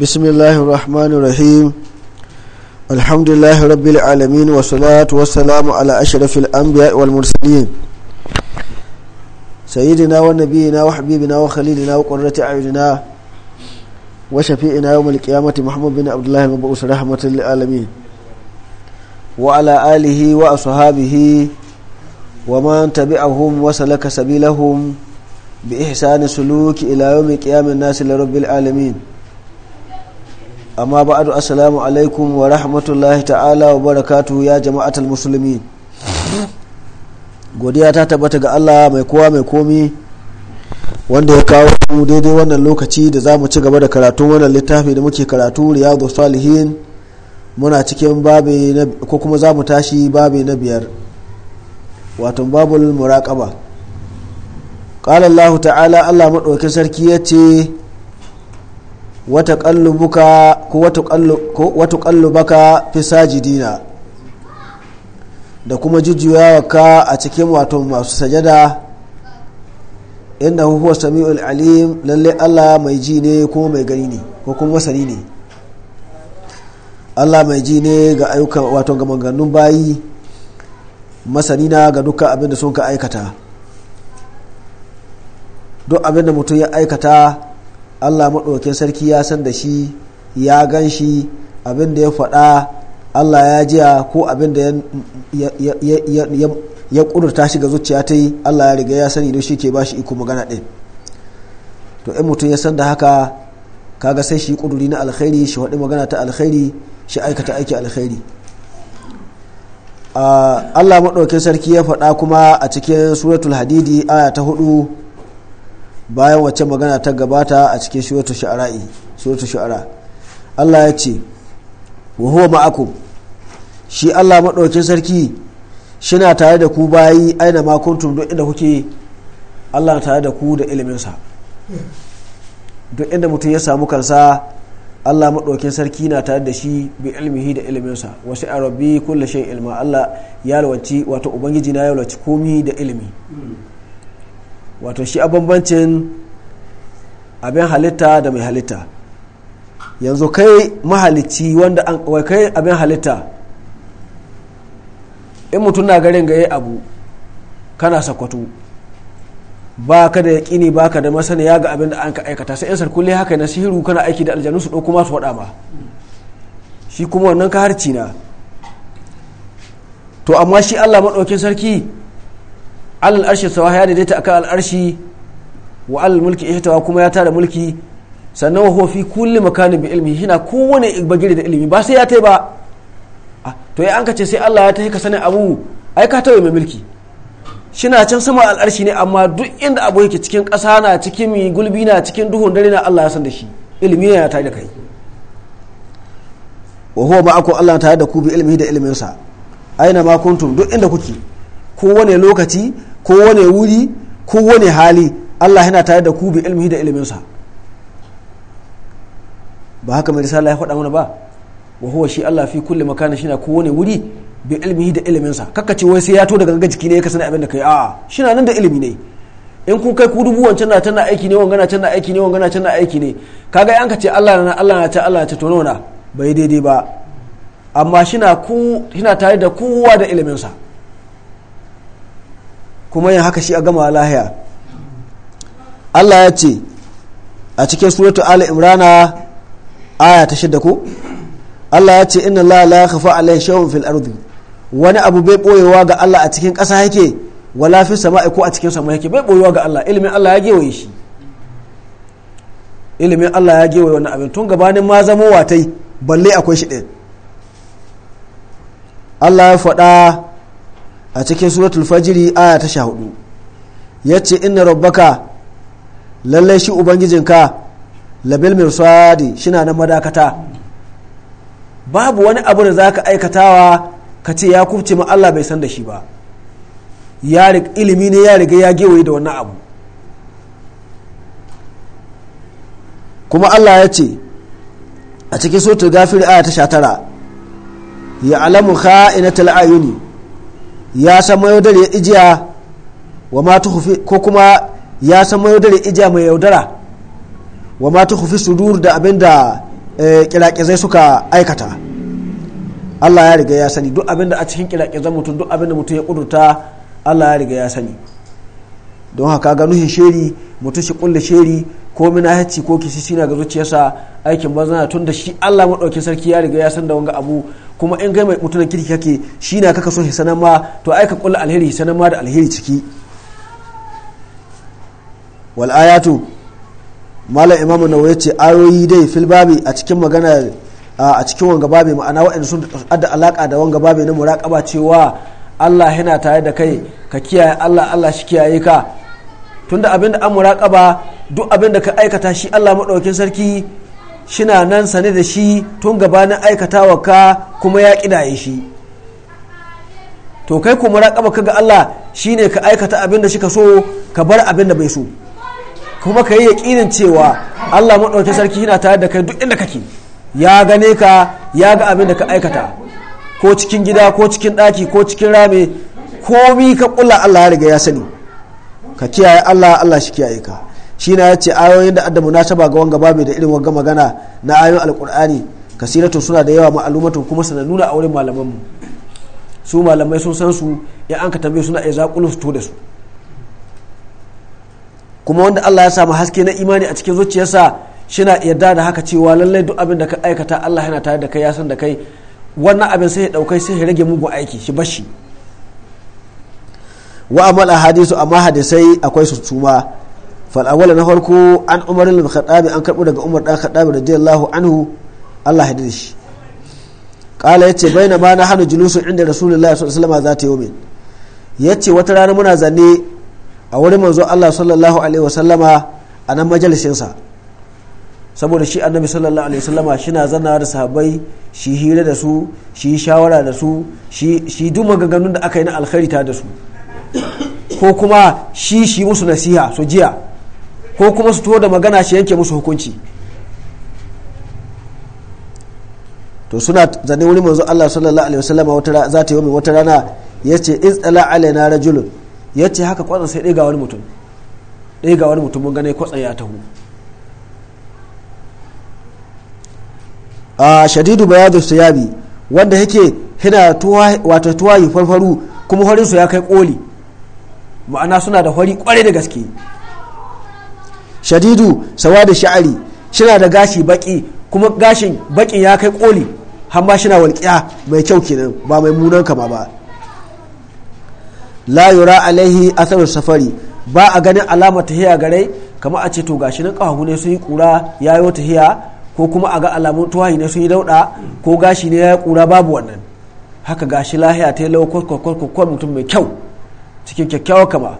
بسم الله الرحمن الرحيم الحمد لله رب العالمين والصلاة والسلام على أشرف الأنبياء والمرسلين سيدنا ونبينا وحبيبنا وخليلنا وقرة أعيننا وشفيئنا يوم القيامة محمد بن عبد الله المبعوث رحمة للعالمين وعلى آله وأصحابه ومن تبعهم وسلك سبيلهم بإحسان سلوك إلى يوم قيام الناس لرب العالمين amma ba'adu assalamu alaikum wa rahmatullahi ta'ala wa barakatu ya jama'atul musulmi godiya ta tabbata ga Allah mai kowa mai komi wanda ya kawo mu daidai wannan lokaci da za mu ci gaba da karatun wannan littafi da muke karatu riyadu salihin muna cikin babi ko kuma za mu tashi babi na biyar wato babul muraqaba qala Allah ta'ala Allah madaukakin sarki yace baka fi sajidina da kuma jujjuyawa ka a cikin wato masu sajada inda huwa sami'ul alim lalle allah mai ji ne ko mai gani ne ko kuma masani ne allah mai ji ne ga ayyukan wato ga maganganun bayi masani na ga dukkan abin da sun ka aikata duk abin da mutum ya aikata Allah maɗaukin sarki ya san da shi ya gan shi abin da ya faɗa Allah ya jiya ko abin da ya ƙudurta shi ga zuciya ta yi Allah ya riga ya sani don shi ke ba shi iko magana ɗin to in mutum ya san da haka kaga sai shi ƙuduri na alkhairi shi faɗi magana ta alkhairi shi aikata aiki alkhairi ah, Allah maɗaukin sarki ya faɗa kuma a cikin suratul hadidi aya ta hudu bayan wacce magana ta gabata a cikin suratul shu'ara'i shu'ara Allah ya ce wa huwa ma'akum shi Allah madaukakin sarki shina tare da ku bayi aina ma kuntum duk inda kuke Allah tare da ku da iliminsa duk inda mutum ya samu kansa Allah madaukakin sarki na tare da shi bi ilmihi da iliminsa wasu a rabbi kulle shan ilma Allah ya alwaci wato ubangiji na ya alwaci komi da ilimi wato shi a bambancin abin halitta da mai halitta yanzu kai mahalicci wanda an wai kai abin halitta in mutum na garin ga abu kana sakwato ba ka da yaƙini ba ka da masaniya ga abin da an ka aikata sai in sarkule haka na sihiru kana aiki da aljanu su ɗauko masu waɗa ba shi kuma wannan ka harci na to amma shi allah maɗaukin sarki al arshi sawa ya daidaita akan al arshi wa al mulki ihtawa kuma ya tada mulki sannan wa fi kulli makanin bi ilmi hina kowane bagire da ilimi ba sai ya ta ba ah, to ya an kace sai Allah ya ta ka sanin abu ai ka tawaye mai mulki shina can sama al arshi ne amma duk inda abu yake cikin ƙasa na cikin mi gulbi na cikin duhun dare na Allah ya san da shi ilimi ya tare da kai wa huwa ma'akum Allah tare da ku bi ilmi da sa aina ma kuntum duk inda kuke kowane lokaci kowane wuri kowane hali Allah yana tare da ku bi ilmihi da iliminsa ba haka mai risala ya faɗa mana ba wa huwa shi Allah fi kulli makana shi na kowane wuri bi ilmihi da iliminsa kaka ce wai sai ya to daga ganga jiki ne ka sani abin da kai a shi na nan da ilimi ne in kun kai ku dubu wancan na tana aiki ne wangana can na aiki ne wangana can na aiki ne kaga an ka ce Allah na Allah na ta Allah na ta to nona bai daidai ba amma shi na tare da kowa da iliminsa kuma yin haka shi a gama lahiya Allah ya ce a cikin suratu Ali Imrana aya ta shida ku Allah ya ce inna la ya kafa alayin shay'un fil ardi wani abu bai boyewa ga Allah a cikin ƙasa yake wala fi sama'i ko a cikin sama yake bai boyewa ga Allah ilimin Allah ya gewaye shi ilimin Allah ya gewaye wani abin tun gabanin ma zamo watai balle akwai shi ɗin Allah ya faɗa a cikin suratul fajiri aya ta sha hudu ya ce inna rabbaka lallai shi ubangijinka labil mirsadi shina nan madakata babu wani abu da za ka aikatawa ka ce ya kubce ma Allah bai san da shi ba ilimi ne ya riga ya gewaye da wani abu kuma Allah ya ce a cikin suratul gafir aya ta sha tara ya alamu kha'inatul ayuni ya san mayaudar ya ijiya wa ma tuhufi ko kuma ya san mayaudar ya ijiya mai yaudara wa ma tuhufi sudur da abin da eh, kirakizai suka aikata Allah ya riga ya sani duk abin da a cikin kirakizan mutum duk abin da mutum ya kudurta Allah ya riga ya sani don haka ga nuhin sheri mutum shi kulle sheri ko minahaci ko kisi na ga zuciyarsa aikin banza tun da shi Allah maɗauki sarki ya riga ya san da wanga abu kuma in gama mutunan kirki kake shi na kaka so sanar ma to ai kula alheri sanar ma da alheri ciki wal ayatu malam imamu na yace ayoyi dai fil babu a cikin magana a cikin wanga babi ma'ana waɗanda sun adda alaka da wanga babi na muraqaba cewa Allah yana tare da kai ka kiyaye Allah Allah shi kiyaye ka tunda abinda an murakaba duk abinda ka aikata shi Allah maɗaukin sarki shina nan sane da shi tun gabanin aikatawa ka kuma ya kidaye shi to kai kuma raƙaba ka ga Allah shine ka aikata abin da shika so ka bar abin da bai so kuma ka yi yaƙinin cewa Allah maɗauki sarki yana tare da kai duk inda kake ya gane ka ya ga abin da ka aikata ko cikin gida ko cikin ɗaki ko cikin rame komi ka ƙulla Allah ya riga ya sani ka kiyaye Allah Allah shi kiyaye ka shi na ya ce ayoyin da adamu na munasaba ga wanga babu da irin wanga magana na ayoyin alkur'ani kasiratu suna da yawa ma'alumatun kuma sana nuna a wurin malaman mu su malamai sun san su ya an ka tambaye suna iya zakulun su to da su kuma wanda Allah ya samu haske na imani a cikin zuciyarsa shina yarda da haka cewa lallai duk abin da ka aikata Allah yana tare da kai ya san da kai wannan abin sai ya daukai sai ya rage mugun aiki shi bashi wa amal hadisu amma hadisai akwai su suma fal'awala na farko an umarin da khaɗabi an karɓo daga umar ɗan khaɗabi radiyallahu anhu allah ya shi ƙala ya ce bai na ba na hannu julusun inda rasulullahi ya ce wata rana muna zane. a wurin manzo allah sallallahu alaihi a nan majalisinsa saboda shi annabi sallallahu alaihi wasallama shina zanna da sahabbai shi hira da su shi shawara da su shi duk maganganun da aka yi na alkhairi ta da su ko kuma shi shi musu nasiha su jiya ko kuma su tuwo da magana shi yanke musu hukunci to suna zane wuri manzo Allah sallallahu alaihi wasallam wata za ta yi wata rana yace izala alaina rajulun yace haka kwatsa sai ɗiga ga wani mutum ɗiga wani mutum mun gane kwatsa ya tahu a shadidu bayadu siyabi wanda yake hina wato tuwayi farfaru kuma horinsu ya kai koli ma'ana suna da hori kwarai da gaske shadidu sawa da sha'ari shina da gashi baki kuma gashin bakin ya kai koli hamma shina walƙiya mai kyau kenan ba mai munan kama ba la yura alaihi asarar safari ba a ganin alama tahiya gare kamar a ce to gashi nan kahu ne sun yi kura yayo tahiya ko kuma a ga alamun tuwayi ne sun yi dauɗa ko gashi ne ya kura babu wannan haka gashi lahiya ta yi lau mutum mai kyau kyakkyawar kama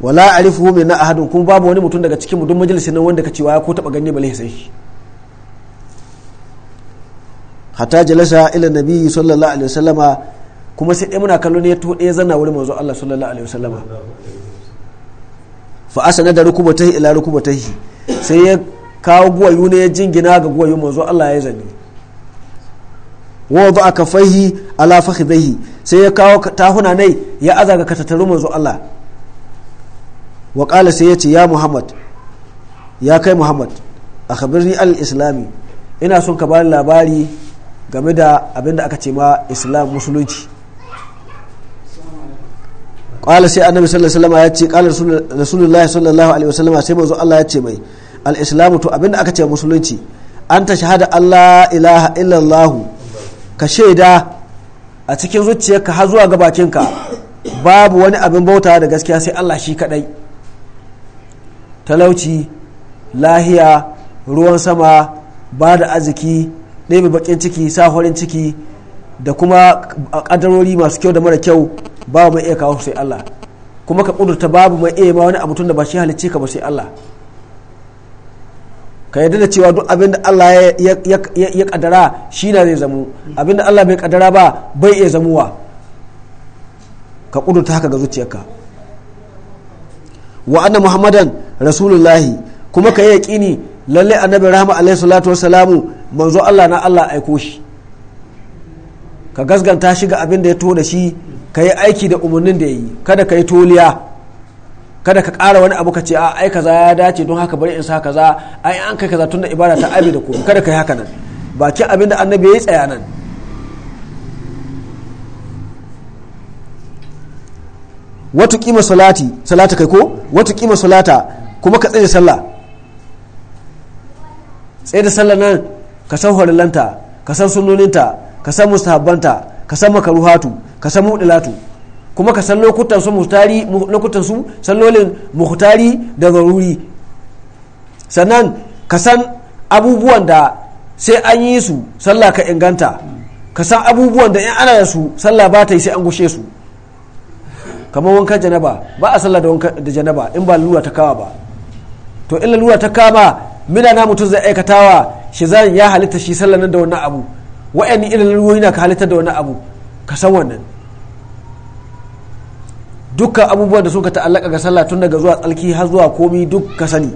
wala hume na ahadun kuma babu wani mutum daga cikin mudun majalisi nan wanda ka cewa ya ko taba ganye bale sai hatta jalasa ila nabi sallallahu alaihi wasallama kuma sai dai muna kallo ne ya tode zana wurin manzo Allah sallallahu alaihi wasallama fa asana da rukubatai ila rukubatai sai ya kawo guwayu ne ya jingina ga guwayu manzo Allah ya zani wadu aka fahi ala fakhidhihi sai ya kawo tahuna nai ya azaga katattaru manzo Allah wa ƙala sai ya ce ya muhammad ya kai muhammad a khabirni al-islami ina son ka bani labari game da abin da aka ce ma islam musulunci ƙwala sai annabi sallallahu alaihi ya ce ƙala rasulullahi sallallahu alaihi wasallam sai manzo Allah ya ce mai al-islamu to abin da aka ce musulunci an ta shahada Allah ilaha illallah ka shaida a cikin zuciyarka har zuwa ga bakinka babu wani abin bauta da gaskiya sai Allah shi kadai talauci lahiya ruwan sama ba da arziki ɗebe bakin ciki sa horin ciki da kuma ƙadarori masu kyau da mara kyau babu mai iya kawo sai Allah kuma ka ƙudurta babu mai iya ma wani abu tun da ba shi halicce ka ba sai Allah ka yarda da cewa duk abin da Allah ya ƙadara shi na zai zamu abin da Allah bai ƙadara ba bai iya zamuwa ka ƙudurta haka ga zuciyarka wa anna muhammadan rasulullahi kuma ka yi yaƙini lalle annabi rahama alaihi salatu wasalamu manzo Allah na Allah aiko shi ka gasganta shi ga abin da ya tona shi ka yi aiki da umarnin da ya yi kada ka yi toliya kada ka ƙara wani abu ka ce a ai kaza ya dace don haka bari in sa kaza ai an kai kaza tun da ibada ta abi da komai kada ka yi haka nan bakin abin da annabi ya yi tsaya nan wata kima salati salata kai ko wata kima salata kuma ka tsaye sallah tsaye da sallah nan ka san horilanta ka san sunnoninta ka san mustahabbanta ka san makaruhatu ka san mudilatu kuma ka san lokutan su muhtari lokutan su sallolin muhtari da zaruri sannan ka san abubuwan da sai an yi su sallah ka inganta ka san abubuwan da in ana da su sallah ba ta yi sai an gushe su kamar wankan janaba ba a sallah da janaba in ba lura ta kawa ba to in lura ta kama mina na mutum zai aikatawa shi zan ya halitta shi sallah nan da wannan abu wa'anni irin lura na ka halitta da wannan abu ka san wannan dukkan abubuwan da suka ta'allaka ga sallah tun daga zuwa tsalki har zuwa komi duk ka sani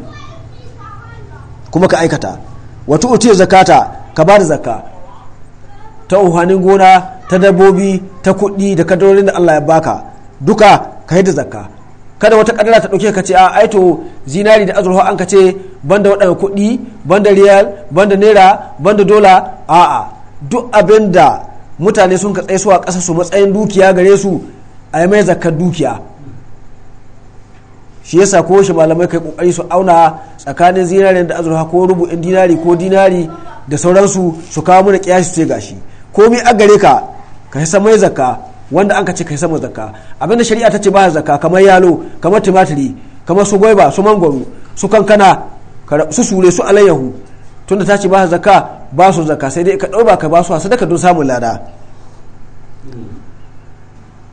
kuma ka aikata wata uti zakata ka ba da zakka ta uhanin gona ta dabbobi ta kuɗi da kadarorin da Allah ya baka duka ka yi da zakka kada wata kadara ta dauke ka ce a aito zinari da azurfa an ka ce banda wadanda kuɗi banda riyal banda naira banda dola a'a duk abin da mutane sun ka tsaye su a ƙasa su matsayin dukiya gare su a yi mai zakkar dukiya shi yasa ko shi malamai kai kokari su auna tsakanin zinarin da azurfa ko rubu'in dinari ko dinari da sauransu su kawo mana kiyashi ce gashi komi a gare ka ka yi samai zakka wanda an ka ce kai sama zakka abinda shari'a ta ce ba zakka kamar yalo kamar tumatiri kamar su gwaiba su mangwaro su kankana su sure su alayyahu tunda ta ce ba zakka ba su zakka sai dai ka ɗauba ka ba su sadaka don samun lada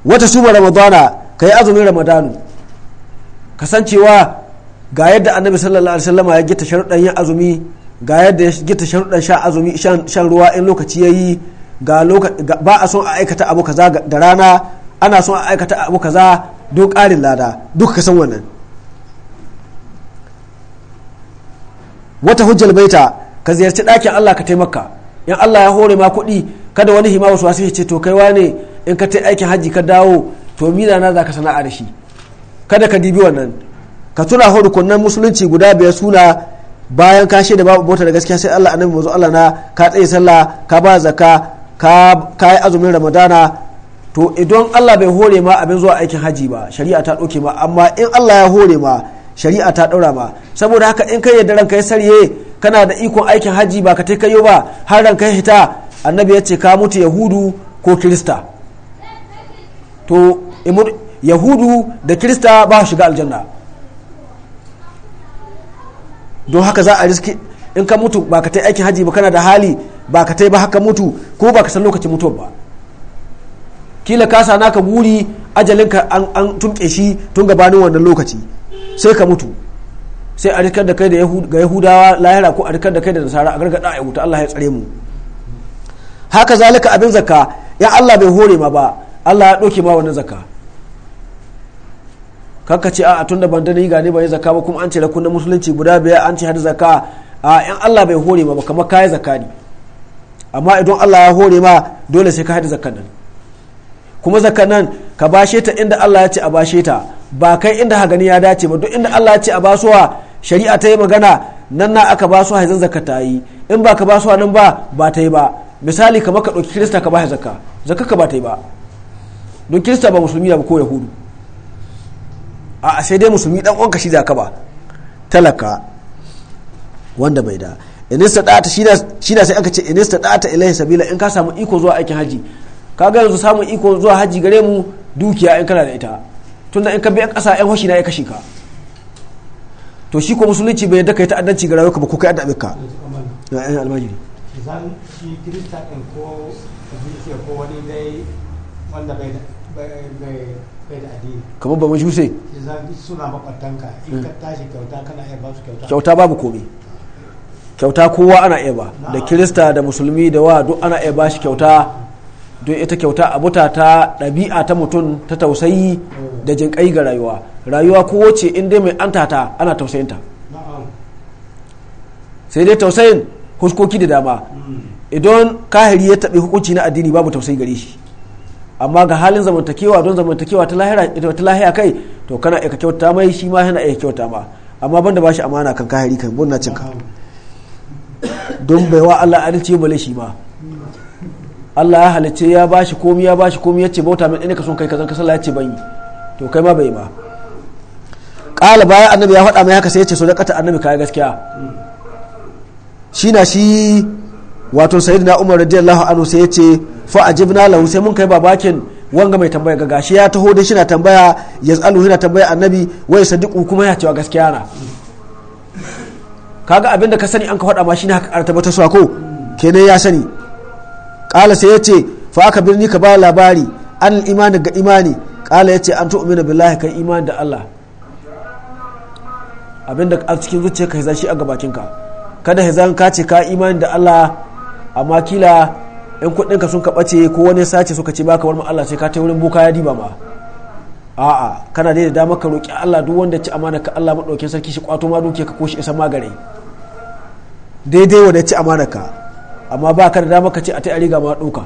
wata suma ramadana ka yi azumin ramadanu kasancewa ga yadda annabi sallallahu alaihi wasallam ya gita sharuɗan yin azumi ga yadda ya gita sharuɗan sha azumi shan ruwa in lokaci ya yi ga ba a son a aikata abu kaza da rana ana son a aikata abu kaza don ƙarin lada duk ka san wannan wata hujjal baita ka ziyarci ɗakin Allah ka taimaka in Allah ya hore ma kuɗi kada wani hima wasu wasu ce to kai ne in ka ta aikin hajji ka dawo to mina na za ka sana'a da shi kada ka dibi wannan ka tuna kunnan musulunci guda biyar suna bayan ka da babu bota da gaskiya sai Allah annabi manzo Allah na ka tsaye sallah ka ba zakka ka yi azumin ramadana to idan allah bai hore ma abin zuwa aikin haji ba shari'a ta ɗauke ma amma in allah ya hore ma shari'a ta ɗaura ba saboda haka in kai yadda ranka ya sarye kana da ikon aikin haji ba ka ta kayo ba har ranka ya hita annabi ya ce ka mutu yahudu ko kirista to yahudu da kirista ba shiga aljanna don haka za a riski in ka mutu ba ka ta aikin haji ba kana da hali ba ka taiba ba haka mutu ko ba ka san lokacin mutuwa ba kila ka sa naka buri ajalinka an, an tumke shi tun gabanin wannan lokaci sai ka mutu sai a rikar da kai da ga yahudawa lahira ko a rikar da kai da nasara a gargada a wuta Allah ya tsare mu haka zalika abin zakka ya Allah bai hore ma ba Allah ya ɗauke ma wannan zakka kanka ce a tun da ban dani gane bai yi zakka ba kuma an ce da kunna musulunci guda biyar an ce hada zakka a yan Allah bai hore ma ba kamar kayi zakka ne amma idan Allah ya hore ma dole sai ka haɗa zakkan nan kuma zakkan nan ka bashe ta inda Allah ya ce a bashe ta ba kai inda hagani ya dace ba duk inda Allah ya ce a basuwa shari'a ta yi magana nan na aka basu haizan zakka ta yi in ba ka basuwa nan ba ba ta yi ba misali kamar ka ɗauki kirista ka bashi zakka zakka ka ba ta yi ba don kirista ba musulmi ba ko yahudu a sai dai musulmi dan uwanka shi ka ba talaka wanda bai da inista da'ata shi da sai aka ce inista da'ata ilahi sabila in ka samu iko zuwa aikin haji ka kaga yanzu samun iko zuwa haji gare mu dukiya in kana da ita tunda in ka bi kasa yan hoshi ya kashe ka to shi ko musulunci bai yadda kai ta'addanci ga rayuwarka ba ko kai addabe ka na yan almajiri zan shi kirista ɗin ko zuciya ko wani dai wanda bai da kamar ba majuse suna makwabtanka in ka hmm. tashi kyauta kana iya ba su kyauta kyauta babu komai kyauta kowa ana iya ba da kirista da musulmi da wa duk ana iya ba shi kyauta don ita kyauta abuta ta ɗabi'a ta mutum ta tausayi da jinƙai ga rayuwa rayuwa kowace in dai mai an tata ana tausayinta sai dai tausayin huskoki da dama idan kahiri ya taɓi hukunci na addini babu tausayi gare shi amma ga halin zamantakewa don zamantakewa ta lahiya kai to kana iya kyauta mai shi ma yana iya kyauta ma amma banda ba shi amana kan kahiri kan bunna cinka don bai wa Allah adalci bale shi ba Allah ya halice ya bashi komi ya bashi komi ya ce bauta min ina ka son kai kazan ka sallah ya ce ban yi to kai ma bai ba ƙala bayan annabi ya faɗa mai haka sai ya ce so annabi kai gaskiya shi na shi wato sayyidina Umar radiyallahu anhu sai ya ce fa ajibna lahu sai mun kai babakin wanga mai tambaya gaga shi ya taho dai shi na tambaya yaz'alu yana tambaya annabi wai sadiqu kuma ya wa gaskiya na kaga abin da ka sani an ka faɗa ma shine haka ƙara tabbatar su ko kenan ya sani ƙala sai ya ce fa aka birni ka ba labari an imani ga imani ƙala ya ce an tu'mina billahi kai imani da Allah abin da a cikin zuciya ka shi a gabakin ka kada hizan ka ce ka imani da Allah amma kila in kuɗin ka sun ka ɓace ko wani sace suka ce baka warma Allah sai ka ta wurin boka ya diba ma a'a kana dai da damar ka roki Allah duk wanda ci amana ka Allah madaukin sarki shi kwato ma duke ka koshi isa magare daidai wanda ci amanaka amma ba ka da dama ka ce a ta riga ma ɗauka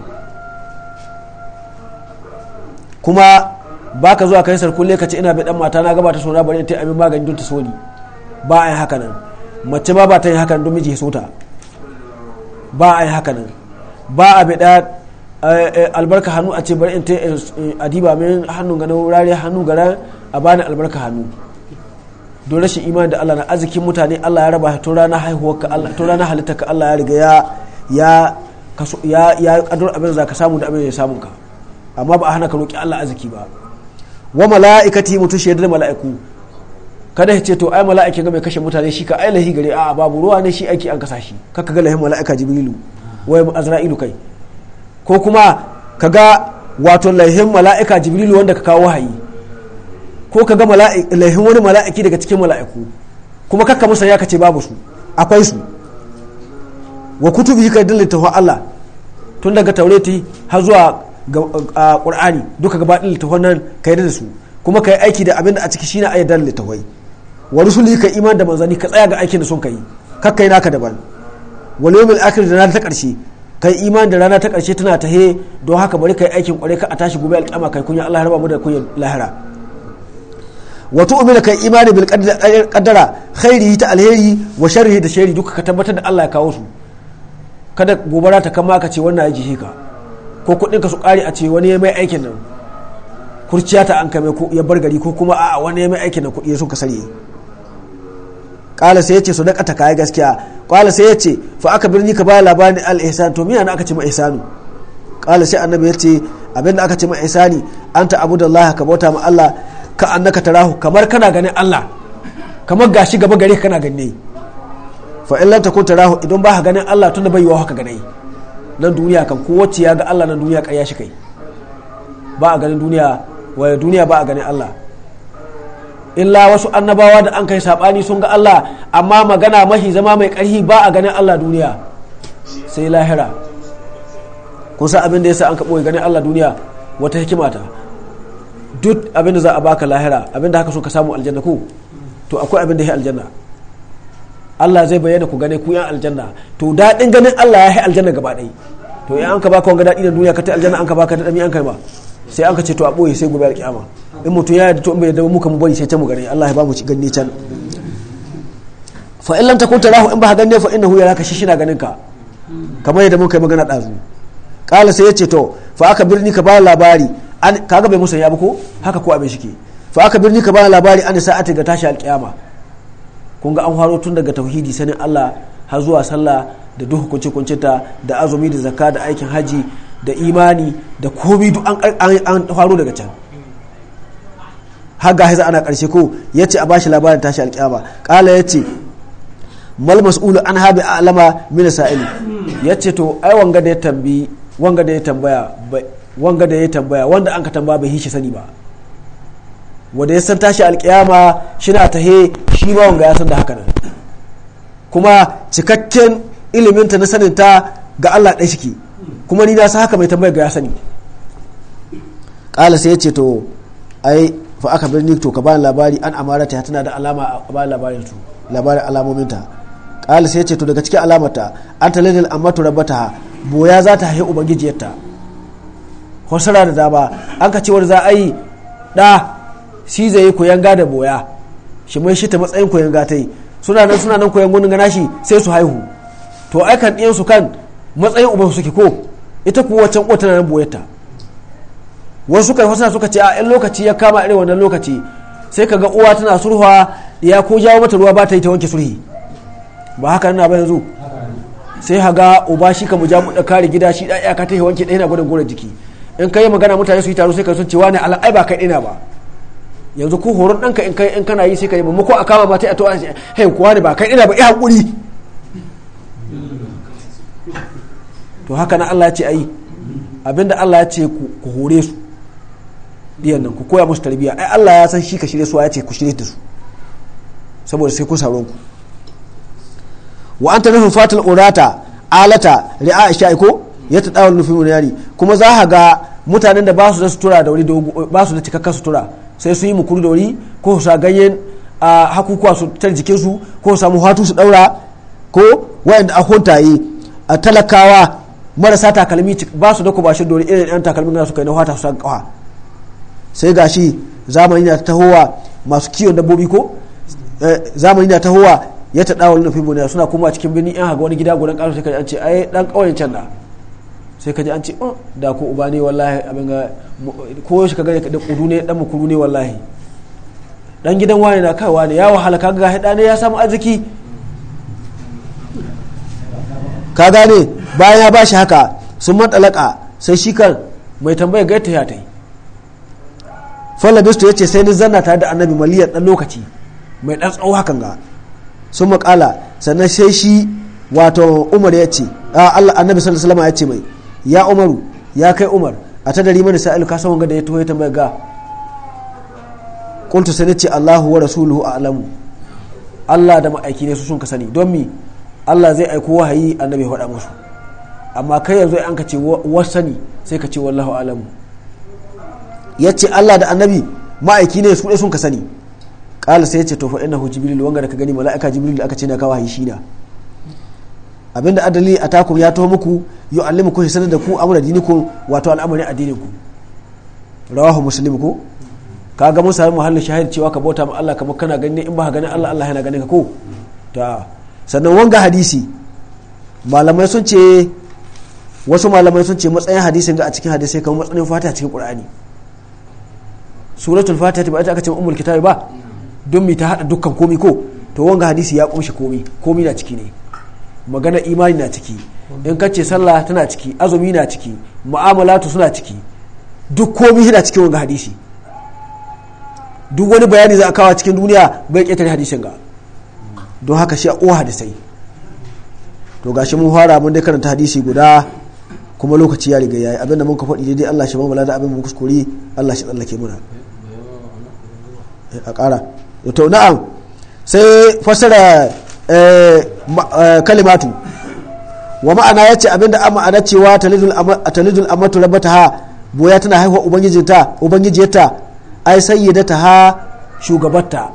kuma ba ka zuwa kai sarkule ka ce ina bai dan mata na gaba ta sona bari ta amin magani don ta soni ba a yi haka nan mace ma ba ta yi haka nan don miji ya sota ba a yi haka nan ba a bai eh, eh, albarka hannu a ce bari in ta eh, adiba min hannun ganin wurare hannu gara a bani albarka hannu don rashin imani da Allah na arzikin mutane Allah ya raba tun ranar haihuwar ka Allah tun ranar halitta ka Allah ya riga ya ya ya kadur abin za ka samu da abin ya samu ka amma ba a hana ka roki Allah arziki ba wa mala'ikati mutu shaidar mala'iku kada ya ce to ai mala'ikin ga mai kashe mutane shi ka ai lahi gare a babu ruwa ne shi aiki an kasa shi kaka ga lahin mala'ika jibrilu wai azra'ilu kai ko kuma kaga wato lahin mala'ika jibrilu wanda ka kawo wahayi ko ka ga laihin wani mala'iki daga cikin mala'iku kuma kakka musa ya kace babu su akwai su wa kutu kutubi ka dalil tawha Allah tun daga taurati har zuwa qur'ani duka gaba dalil tawha nan kai da su kuma kai aiki da abin da a ciki shine ayat dalil tawha wa rusuli ka iman da manzani ka tsaya ga aikin da sun kai kakkai naka daban wal yawmil akhir da rana ta karshe kai iman da rana ta karshe tana tahe don haka bari kai aikin kware ka a tashi gobe alƙama kai kunya Allah ya raba mu da kunya lahira wa tu'minu kai imani bil qadara khairihi ta alheri wa sharrihi da sharri duka ka tabbatar da Allah ya kawo su kada gobara ta kama ka ce wannan ya shi ka ko kudin ka su kare a ce wani ya mai aikin nan kurciya ta an kame ko ya bar gari ko kuma a'a wani ya mai aikin nan kuɗi ya so ka sarye qala sai ya ce ta kai gaskiya qala sai ya ce fa aka birni ka ba labarin al ihsan to miya na aka ce mai ihsanu qala sai annabi yace abinda aka ce mai ihsani anta abudallahi ka bauta ma Allah ka annaka tarahu kamar kana ganin Allah kamar gashi gaba gare kana ganin fa in lam kun tarahu idan ba ka ganin Allah tunda bai yiwa haka ganin nan duniya kan ko wacce ya ga Allah nan duniya ƙarya shi kai ba a ganin duniya wa duniya ba a ganin Allah illa wasu annabawa da an kai sabani sun ga Allah amma magana mahi zama mai karhi ba a ganin Allah duniya sai lahira kusa abin da yasa an kaɓo ganin Allah duniya wata hikimata duk abin da za a baka lahira abin da haka so ka samu aljanna ko to akwai abin da ya aljanna Allah zai bayyana ku gane ku yan aljanna to daɗin ganin Allah ya yi aljanna gaba ɗaya to in an ka baka wanga daɗi na duniya ka ta aljanna an ka baka ta dami an kai ba sai an ka ce to a boye sai gobe alƙiyama in mutum ya yarda to in bai yarda muka mu bari sai ta mu gane Allah ya ba mu ci ganni can fa in lam takun tarahu in ba ganne fa innahu ya shi shishina ganin ka kamar yadda muka yi magana ɗazu kala sai ya ce to fa aka birni ka ba labari kaga bai musanya ba ko haka ko abin shike fa aka birni ka bani labari an sa'ati ga tashi alkiyama kun ga an faro tun daga tauhidi sanin Allah har zuwa sallah da duk kunce kunce ta da azumi da zakka da aikin haji da imani da komai duk an faro daga can har ga haiza ana karshe ko yace a bashi labarin tashi alkiyama kala yace mal mas'ulu an habi alama min sa'ili yace to ai wanga da ya tambi wanga da ya tambaya wanga da ya tambaya wanda an ka tambaya bai hishe sani ba wanda ya san tashi alkiyama shi na tahe shi ma wanga ya san da haka nan kuma cikakken iliminta na saninta ga Allah ɗaya shike kuma ni na san haka mai tambaya ga ya sani kala sai ya ce to ai fa aka birni to ka ba labari an amara ta tana da alama a ba labarin su labarin alamominta sai ya ce to daga cikin alamata an talalil amma to rabata boya za ta haihu ubangijiyarta kwasara da dama an ka cewar za a yi ɗa shi zai yi koyan da boya shi mai shi ta matsayin koyan gata yi suna nan suna nan koyan gunin gana shi sai su haihu to aikan ɗiyan su kan matsayin uban suke ko ita kuwa wancan ko tana nan boyarta wasu kai hosara suka ce a yan lokaci ya kama irin wannan lokaci sai ka ga uwa tana surhuwa ya ko jawo mata ruwa ba ta yi ta wanke sulhi ba haka nuna ba yanzu sai ga uba shi ka mu ja da kare gida shi da ka ta wanke ɗaya na gudun gora jiki in kai magana mutane su yi taro sai ka sun ce wani ala ai ba kai ina ba yanzu ku horon ɗanka in kai in kana yi sai ka yi ba mako a kama ba ta a to an hey kuwa ne ba kai ina ba ya hakuri to haka na Allah ya ce yi abinda Allah ya ce ku hore su diyan nan ku koya musu tarbiyya ai Allah ya san shi ka shirye su ya ce ku shirye da su saboda sai ku sauran ku wa anta nahu fatil urata alata ri'a isha'i ko ya ta nufin uniyari kuma za ka ga mutanen da ba su da sutura da wuri ba su da cikakkar sutura sai su yi mukuru da wuri ko su sa ganyen hakukuwa su tar jikin su ko su samu hatu su daura ko wayanda a yi a talakawa marasa takalmi ba su da kubashin dori irin yan takalmin da su kai na hata su san kawa sai gashi zamani na tahowa masu kiwon dabbobi ko eh, zamani na tahowa ya ta dawo lina fi suna kuma cikin birni yan haga wani gida gudan karfe shekaru an ce ai dan kauyen can na sai ka ji an ce oh da ko uba ne wallahi abin ga ko shi ka gani da kudu ne dan mukuru ne wallahi dan gidan wani na kai wani ya wahala ka ga hada ne ya samu arziki ka gane bayan ya bashi haka sun matalaka sai shi kan mai tambaya ga ta ya ta yi fallabistu ya ce sai ni zanna tare da annabi maliyar dan lokaci mai dan tsawo hakan ga sun makala sannan sai shi wato umar ya ce Allah annabi sallallahu alaihi wasallam ya ce mai ya umaru ya kai umar a ta dari mana sa'ilu ka san wanga da ya tuwa ya tambaya ga kuntu sai ce Allahu wa rasuluhu a'lamu Allah da ma'aiki ne su sun ka sani don mi Allah zai aiko wahayi annabi ya faɗa musu amma kai yanzu an ka ce wasani sai ka ce wallahu a'lamu ya ce Allah da annabi ma'aiki ne su sun ka sani kala sai ce to fa innahu jibril wanga da ka gani mala'ika jibril da aka ce na ka wahayi shi na abinda adali a takum ya taho muku yau allimu ku sanar da ku amra ku wato al'amarin addinin ku rawahu muslim ka ga mun sami halin shahid cewa ka bauta ma Allah kamar kana gani in ba ka gani Allah Allah yana ganin ka ko ta sannan wanga hadisi malamai sun ce wasu malamai sun ce matsayin hadisin da a cikin hadisai kamar matsayin fatiha cikin qur'ani suratul fatiha ba ita aka ce ummul kitabi ba don mi ta hada dukkan komi ko to wanga hadisi ya kumshi komi komi na ciki ne magana imani na ciki in kace sallah tana ciki azumi na ciki mu'amalatu suna ciki duk komai yana cikin wanga hadisi duk wani bayani za a kawo cikin duniya bai ƙetare hadisin ga don haka shi a ko hadisai to gashi mun fara mun dai karanta hadisi guda kuma lokaci ya riga yayi abinda mun ka faɗi daidai Allah shi mamala da abin mun kuskure Allah shi tsallake muna eh, a ƙara to na'am sai fasara Eh, eh, kalimatu wa ma'ana ya ce abinda an ma'ana cewa talidul amatu ha boya tana haihuwa ubangijinta ubangijiyarta ai ta ha shugabarta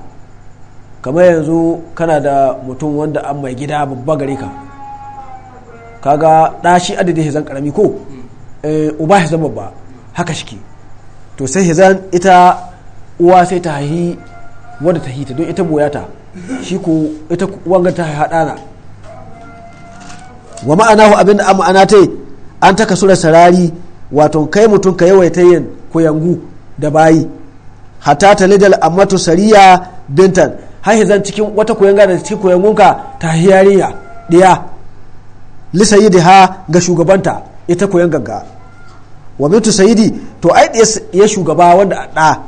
kamar yanzu kana da mutum wanda an mai gida babba gare ka kaga ɗashi adadin hizan karami ko eh, uba hizan babba haka shike to sai hizan ita uwa sai ta haihi wadda ta hita don ita boyata shi ko ita wanga ta haɗana wa hu abinda an ma'ana ta an taka sura sarari wato kai mutum ka yawaita yin koyangu da bayi hatta talidal ammatu sariya bintan har zan cikin wata koyanga da cikin koyangunka ta hiyariya daya. lisa yi ha ga shugabanta ita koyan wa mutu sayidi to ai ya shugaba wanda a ɗa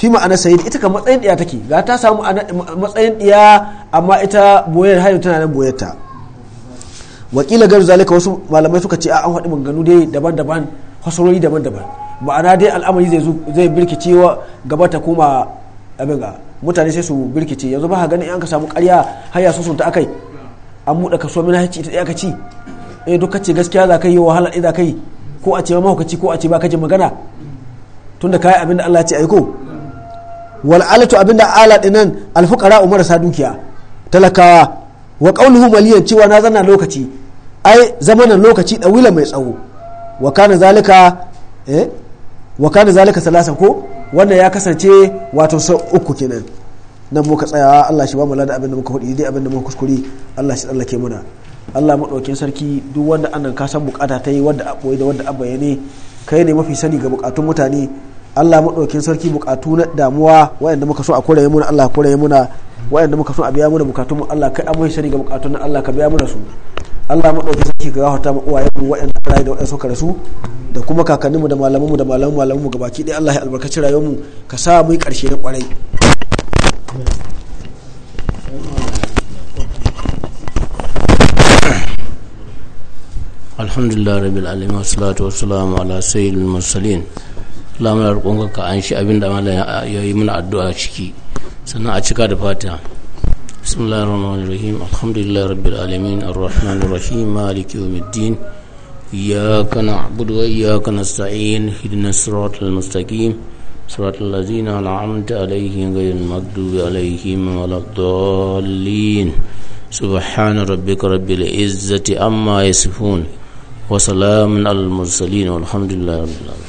shi ma'ana sayid ita ka matsayin ɗiya take ga ta samu matsayin ɗiya amma ita boyar hayo tana nan boyar ta wakila garu zalika wasu malamai suka ce a an haɗu maganganu dai daban-daban hasarori daban-daban ma'ana dai al'amari zai birkice wa gaba ta koma abin ga mutane sai su birkice yanzu ba gani an ka samu karya har sun sunta akai an muɗa kaso mina haici ita ɗaya ci eh duk kace gaskiya za ka yi wahala ɗaya za ka yi ko a ce ma mahaukaci ko a ce ba ka ji magana tunda kai abin da Allah ya ce aiko wal alatu abinda ala dinan alfuqara marasa dukiya talakawa wa qawluhu maliyan cewa na zanna lokaci ai zamanan lokaci dawila mai tsawo wa kana zalika eh wa kana zalika salasan ko wannan ya kasance wato sau uku kenan nan muka tsaya Allah shi ba mu lada abinda muka fadi dai abinda muka kuskure Allah shi tsallake muna Allah sarki duk wanda annan ka san bukata ta yi wadda a da wanda a bayyane kai ne mafi sani ga bukatun mutane Allah maɗaukin sarki bukatu na damuwa waɗanda muka so a koraye muna Allah koraye muna waɗanda muka so a biya muna bukatun mu Allah kai amai shari ga bukatun Allah ka biya muna su Allah maɗaukin sarki ka gafarta mu uwaye mu waɗanda rayu da waɗanda suka rasu da kuma kakanninmu da malamanmu da malamanmu malamanmu baki ɗaya Allah ya albarkaci rayuwar mu ka sa mu yi ƙarshe na ƙwarai alhamdulillah rabbil alamin wassalatu wassalamu ala sayyidil mursalin Allah muna roƙonka an shi abin da malam ya yi mana addu'a ciki sannan a cika da fata bismillahir rahmanir rahim alhamdulillahi rabbil alamin arrahmanir rahim maliki yawmiddin iyyaka na'budu wa iyyaka nasta'in ihdinas siratal mustaqim siratal ladzina an'amta alaihim ghayril maghdubi alaihim waladdallin سبحان ربك رب العزة عما يصفون وسلام المرسلين والحمد لله رب العالمين